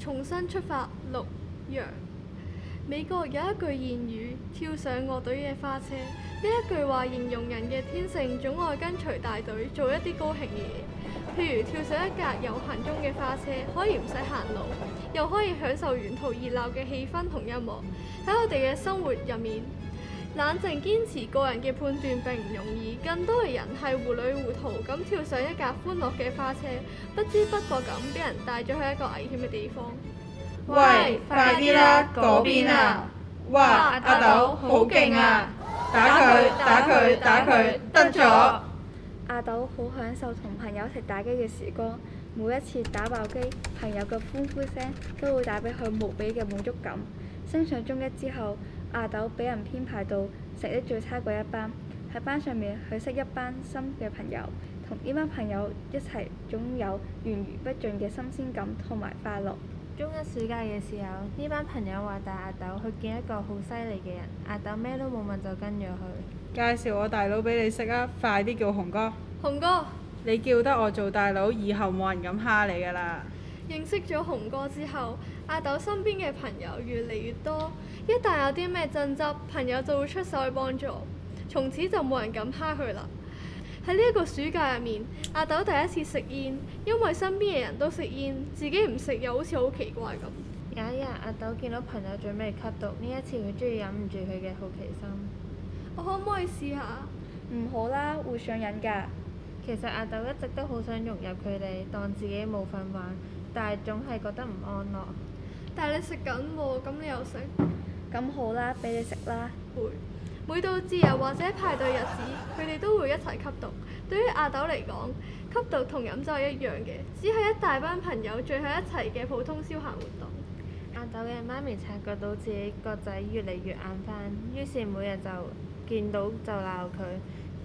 重新出發，六，羊。美國有一句諺語：跳上樂隊嘅花車。呢一句話形容人嘅天性總愛跟隨大隊，做一啲高興嘅嘢。譬如跳上一架遊行中嘅花車，可以唔使行路，又可以享受沿途熱鬧嘅氣氛同音樂。喺我哋嘅生活入面，冷靜堅持個人嘅判斷並唔容易，更多嘅人係糊裏糊塗咁跳上一架歡樂嘅花車，不知不覺咁俾人帶咗去一個危險嘅地方。喂，快啲啦，嗰邊啊！哇，阿斗好勁啊！打佢，打佢，打佢，得咗！阿斗好享受同朋友一齊打機嘅時光，每一次打爆機，朋友嘅歡呼聲都會帶俾佢無比嘅滿足感。升上中一之後。阿豆俾人編排到食得最差嗰一班，喺班上面佢識一班新嘅朋友，同呢班朋友一齊總有源源不盡嘅新鮮感同埋快樂。中一暑假嘅時候，呢班朋友話帶阿豆去見一個好犀利嘅人，阿豆咩都冇問就跟咗佢。介紹我大佬俾你識啊！快啲叫洪哥。洪哥。你叫得我做大佬，以後冇人敢蝦你噶啦。認識咗紅哥之後，阿豆身邊嘅朋友越嚟越多。一旦有啲咩爭執，朋友就會出手去幫助。從此就冇人敢蝦佢啦。喺呢一個暑假入面，阿豆第一次食煙，因為身邊嘅人都食煙，自己唔食又好似好奇怪咁。有一日，阿豆見到朋友準備吸毒，呢一次佢終於忍唔住佢嘅好奇心。我可唔可以試下？唔好啦，會上癮㗎。其實阿豆一直都好想融入佢哋，當自己冇份玩，但係總係覺得唔安樂。但係你食緊喎，咁你又食？咁好啦，俾你食啦。每每到自由或者派對日子，佢哋都會一齊吸毒。對於阿豆嚟講，吸毒同飲酒係一樣嘅，只係一大班朋友聚喺一齊嘅普通消閒活動。阿豆嘅媽咪察覺到自己個仔越嚟越硬瞓，於是每日就見到就鬧佢。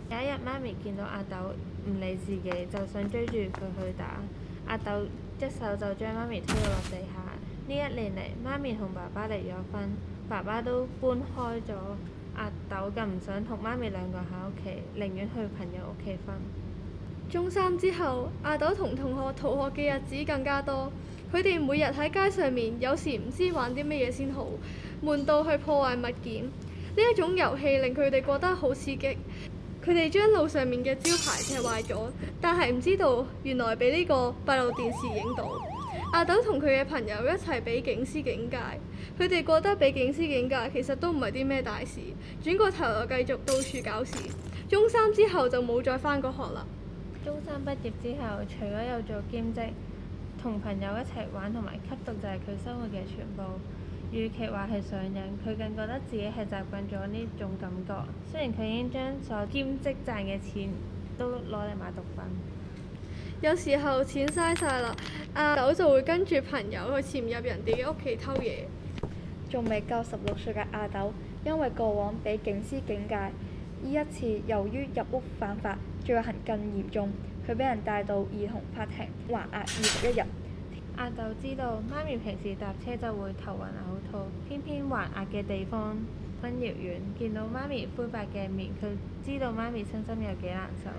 有一日，媽咪見到阿豆唔理自己，就想追住佢去打。阿豆一手就將媽咪推到落地下。呢一年嚟，媽咪同爸爸離咗婚，爸爸都搬開咗。阿豆更唔想同媽咪兩個喺屋企，寧願去朋友屋企瞓。中三之後，阿豆同同學逃學嘅日子更加多。佢哋每日喺街上面，有時唔知玩啲乜嘢先好，悶到去破壞物件。呢一種遊戲令佢哋覺得好刺激。佢哋將路上面嘅招牌踢壞咗，但係唔知道原來俾呢個閉路電視影到。阿豆同佢嘅朋友一齊俾警司警戒，佢哋覺得俾警司警戒其實都唔係啲咩大事。轉過頭又繼續到處搞事。中三之後就冇再返過學啦。中三畢業之後，除咗有做兼職，同朋友一齊玩同埋吸毒就係佢生活嘅全部。與其話係上癮，佢更覺得自己係習慣咗呢種感覺。雖然佢已經將所有兼職賺嘅錢都攞嚟買毒品，有時候錢嘥晒啦，阿斗就會跟住朋友去潛入人哋嘅屋企偷嘢。仲未夠十六歲嘅阿斗，因為過往俾警司警誡，呢一次由於入屋犯法，罪行更嚴重，佢俾人帶到兒童法庭，還押二十一日。阿豆知道媽咪平時搭車就會頭暈嘔吐，偏偏還押嘅地方分遙遠，見到媽咪灰白嘅面，佢知道媽咪身心有幾難受。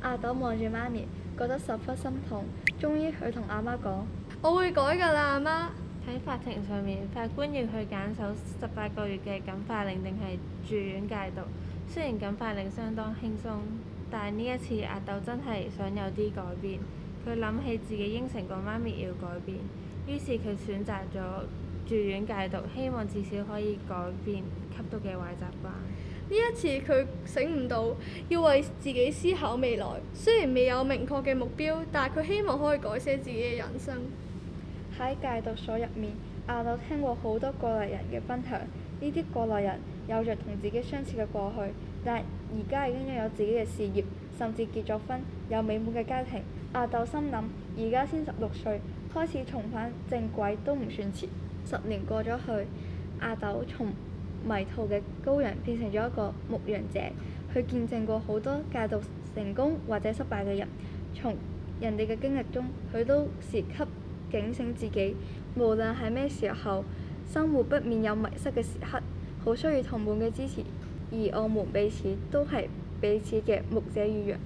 阿豆望住媽咪，覺得十分心痛。終於，佢同阿媽講：我會改㗎啦，阿媽。喺法庭上面，法官要佢揀守十八個月嘅感化令定係住院戒毒。雖然感化令相當輕鬆，但係呢一次，阿豆真係想有啲改變。佢諗起自己應承過媽咪要改變，於是佢選擇咗住院戒毒，希望至少可以改變吸毒嘅壞習慣。呢一次佢醒唔到，要為自己思考未來。雖然未有明確嘅目標，但係佢希望可以改寫自己嘅人生。喺戒毒所入面，阿豆聽過好多過來人嘅分享，呢啲過來人有着同自己相似嘅過去，但係而家已經擁有自己嘅事業，甚至結咗婚，有美滿嘅家庭。阿豆心諗，而家先十六歲，開始重返正軌都唔算遲。十年過咗去，阿豆從迷途嘅羔羊變成咗一個牧羊者，佢見證過好多戒毒成功或者失敗嘅人，從人哋嘅經歷中，佢都時刻警醒自己。無論喺咩時候，生活不免有迷失嘅時刻，好需要同伴嘅支持，而我們彼此都係彼此嘅牧者與羊。